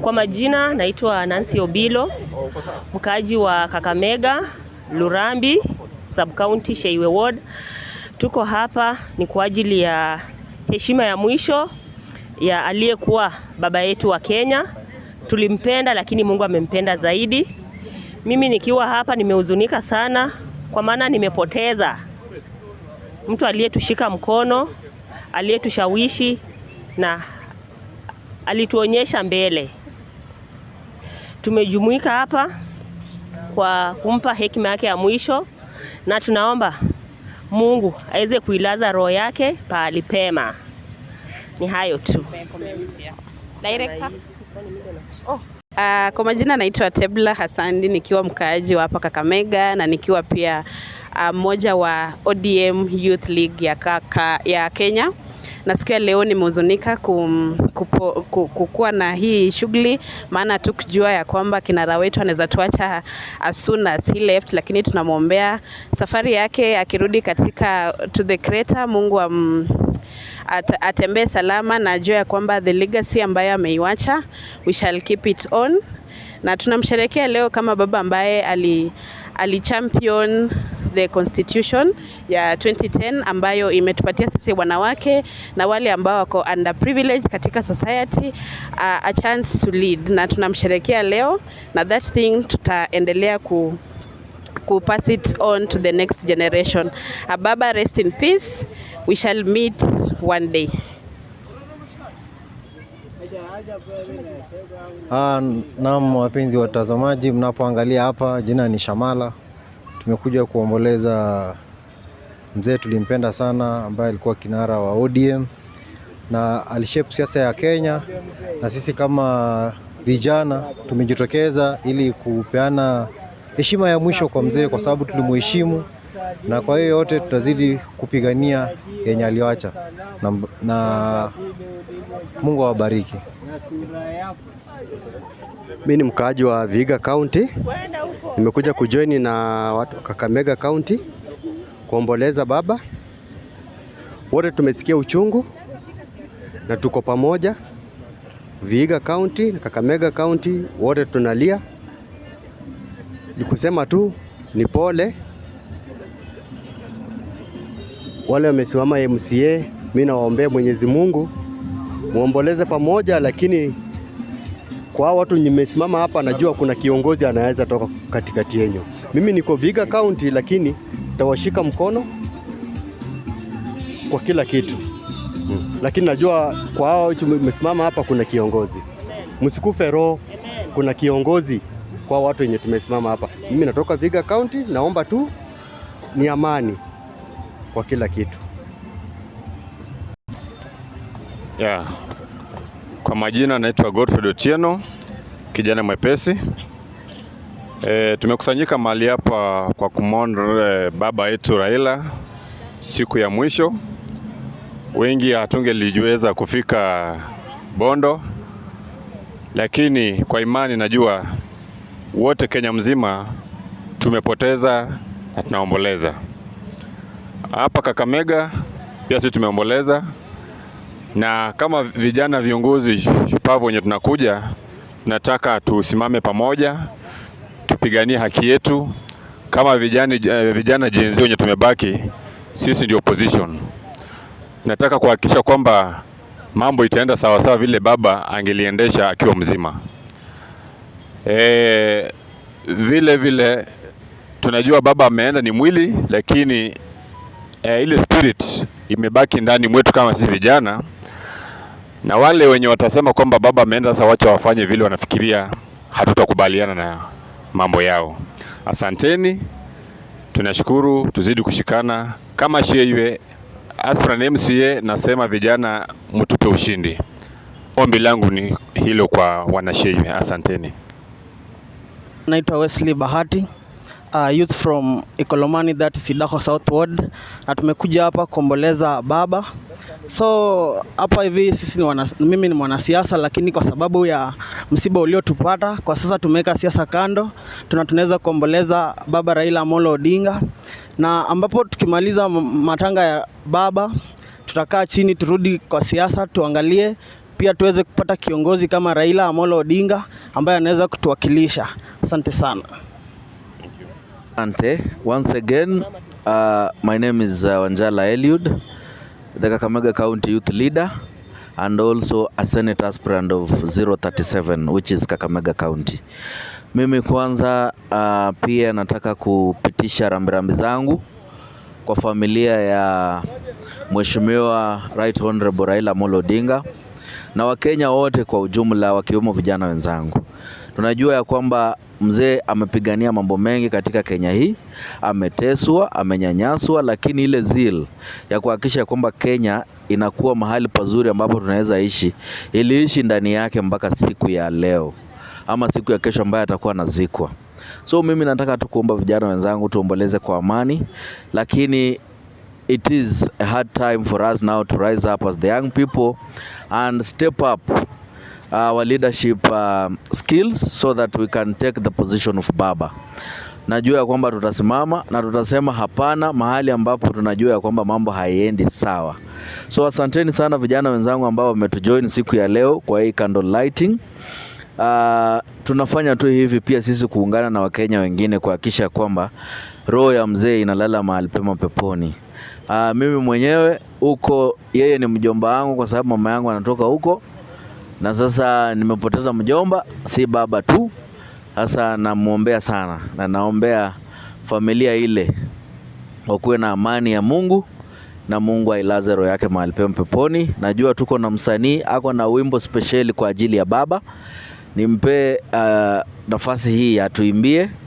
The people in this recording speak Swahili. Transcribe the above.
Kwa majina naitwa Nancy Obilo, mkaaji wa Kakamega Lurambi, county Sheiwe Ward. Tuko hapa ni kwa ajili ya heshima ya mwisho ya aliyekuwa baba yetu wa Kenya. Tulimpenda lakini Mungu amempenda zaidi. Mimi nikiwa hapa nimehuzunika sana, kwa maana nimepoteza mtu aliyetushika mkono, aliyetushawishi na alituonyesha mbele. Tumejumuika hapa kwa kumpa hekima yake ya mwisho, na tunaomba Mungu aweze kuilaza roho yake pahali pema. Ni hayo tu. Uh, kwa majina naitwa Tebla Hasandi nikiwa mkaaji wa hapa Kakamega na nikiwa pia ah, mmoja uh, wa ODM Youth League ya, kaka, ya Kenya na siku ya leo nimehuzunika kukuwa na hii shughuli, maana tu kujua ya kwamba kinara wetu anaweza tuacha as soon as he left, lakini tunamwombea safari yake akirudi katika to the creator, Mungu am, at, atembee salama na jua ya kwamba the legacy ambayo ameiwacha we shall keep it on, na tunamsherekea leo kama baba ambaye ali, ali champion the constitution ya 2010 ambayo imetupatia sisi wanawake na wale ambao wako underprivileged katika society uh, a chance to lead, na tunamsherekea leo na that thing tutaendelea ku ku pass it on to the next generation. Ababa, rest in peace. We shall meet one day. Ah, naam, wapenzi watazamaji, mnapoangalia hapa, jina ni Shamala Tumekuja kuomboleza mzee tulimpenda sana, ambaye alikuwa kinara wa ODM na alishape siasa ya Kenya, na sisi kama vijana tumejitokeza ili kupeana heshima ya mwisho kwa mzee, kwa sababu tulimuheshimu na kwa hiyo yote tutazidi kupigania yenye aliyoacha na, na Mungu awabariki. Mimi ni mkaaji wa Viga County, nimekuja kujoini na watu Kakamega County kuomboleza baba. Wote tumesikia uchungu na tuko pamoja. viga County na Kakamega County wote tunalia, ni kusema tu ni pole wale wamesimama MCA, mi nawaombea Mwenyezi Mungu, muomboleze pamoja, lakini kwa watu nimesimama hapa, najua kuna kiongozi anaweza toka katikati yenyu. Mimi niko Vihiga County, lakini tawashika mkono kwa kila kitu hmm. Lakini najua kwa hao tumesimama hapa kuna kiongozi, msikufe roho, kuna kiongozi kwa watu wenye tumesimama hapa. Mimi natoka Vihiga County, naomba tu ni amani kwa kila kitu yeah. Kwa majina naitwa Godfrey Otieno, kijana mwepesi e, tumekusanyika mahali hapa kwa kumwona e, baba yetu Raila siku ya mwisho. Wengi hatungeliweza kufika Bondo, lakini kwa imani najua wote Kenya mzima tumepoteza na tunaomboleza hapa Kakamega pia sisi tumeomboleza, na kama vijana viongozi shupavu wenye tunakuja, tunataka tusimame pamoja, tupiganie haki yetu kama eh, vijana, vijana wenye tumebaki sisi ndio opposition. Nataka kuhakikisha kwamba mambo itaenda sawasawa vile baba angeliendesha akiwa mzima. E, vile vile tunajua baba ameenda ni mwili, lakini e, ile spirit imebaki ndani mwetu kama sisi vijana, na wale wenye watasema kwamba baba ameenda sasa, wacha wafanye vile wanafikiria, hatutakubaliana na mambo yao. Asanteni, tunashukuru, tuzidi kushikana kama sheywe Aspiran MCA. Nasema vijana, mtupe ushindi. Ombi langu ni hilo kwa wanasheywe. Asanteni. Naitwa Wesley Bahati uh, youth from Ikolomani that Idaho South Ward, na tumekuja hapa kuomboleza baba. So hapa hivi sisi ni wana, mimi ni mwanasiasa, lakini kwa sababu ya msiba uliotupata kwa sasa tumeweka siasa kando, tuna tunaweza kuomboleza baba Raila Amolo Odinga, na ambapo tukimaliza matanga ya baba tutakaa chini, turudi kwa siasa, tuangalie pia tuweze kupata kiongozi kama Raila Amolo Odinga ambaye anaweza kutuwakilisha. Asante sana. Asante. Once again, uh, my name is uh, Wanjala Eliud, the Kakamega County Youth Leader and also a Senate aspirant of 037 which is Kakamega County. Mimi kwanza uh, pia nataka kupitisha rambirambi zangu kwa familia ya Mheshimiwa Right Honorable Raila Amolo Odinga na Wakenya wote kwa ujumla wakiwemo vijana wenzangu. Tunajua ya kwamba mzee amepigania mambo mengi katika Kenya hii, ameteswa, amenyanyaswa, lakini ile zeal ya kuhakikisha kwamba Kenya inakuwa mahali pazuri ambapo tunaweza ishi iliishi ndani yake mpaka siku ya leo ama siku ya kesho ambayo atakuwa anazikwa. So mimi nataka tu kuomba vijana wenzangu tuomboleze kwa amani, lakini it is a hard time for us now to rise up as the young people and step up our leadership uh, skills so that we can take the position of baba. Najua ya kwamba tutasimama na tutasema hapana mahali ambapo tunajua ya kwamba mambo haiendi sawa. So asanteni sana vijana wenzangu ambao wametujoin siku ya leo kwa hii candle lighting. Uh, tunafanya tu hivi pia sisi kuungana na Wakenya wengine kuhakikisha kwamba roho ya mzee inalala mahali pema peponi. Uh, mimi mwenyewe huko, yeye ni mjomba wangu kwa sababu mama yangu anatoka huko na sasa nimepoteza mjomba, si baba tu. Sasa namwombea sana na naombea familia ile wakuwe na amani ya Mungu na Mungu ailaze roho yake mahali pema peponi. Najua tuko na msanii ako na wimbo spesheli kwa ajili ya baba, nimpe uh, nafasi hii atuimbie.